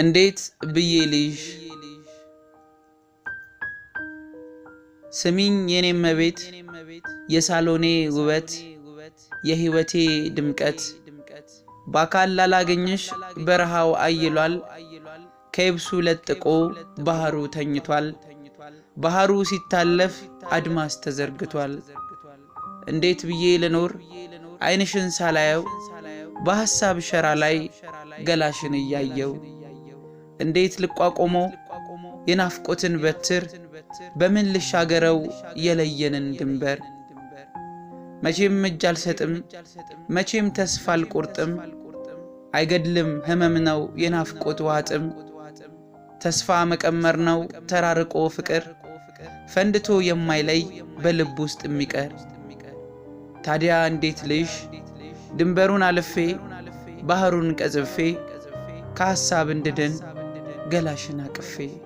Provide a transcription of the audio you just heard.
እንዴት ብዬ ልይሽ? ስሚኝ የኔ እመቤት፣ የሳሎኔ ውበት፣ የህይወቴ ድምቀት፣ በአካል ላላገኝሽ በረሃው አይሏል፣ ከየብሱ ለጥቆ ባህሩ ተኝቷል። ባህሩ ሲታለፍ አድማስ ተዘርግቷል። እንዴት ብዬ ልኖር አይንሽን ሳላየው፣ በሐሳብ ሸራ ላይ ገላሽን እያየው እንዴት ልቋቆመው የናፍቆትን በትር በምን ልሻገረው የለየንን ድንበር? መቼም እጅ አልሰጥም፣ መቼም ተስፋ አልቆርጥም። አይገድልም ህመም ነው የናፍቆት ዋጥም። ተስፋ መቀመር ነው ተራርቆ ፍቅር ፈንድቶ የማይለይ በልብ ውስጥ የሚቀር። ታዲያ እንዴት ልሽ ድንበሩን አልፌ ባህሩን ቀዝፌ ከሐሳብ እንድድን ገላሽን አቅፌ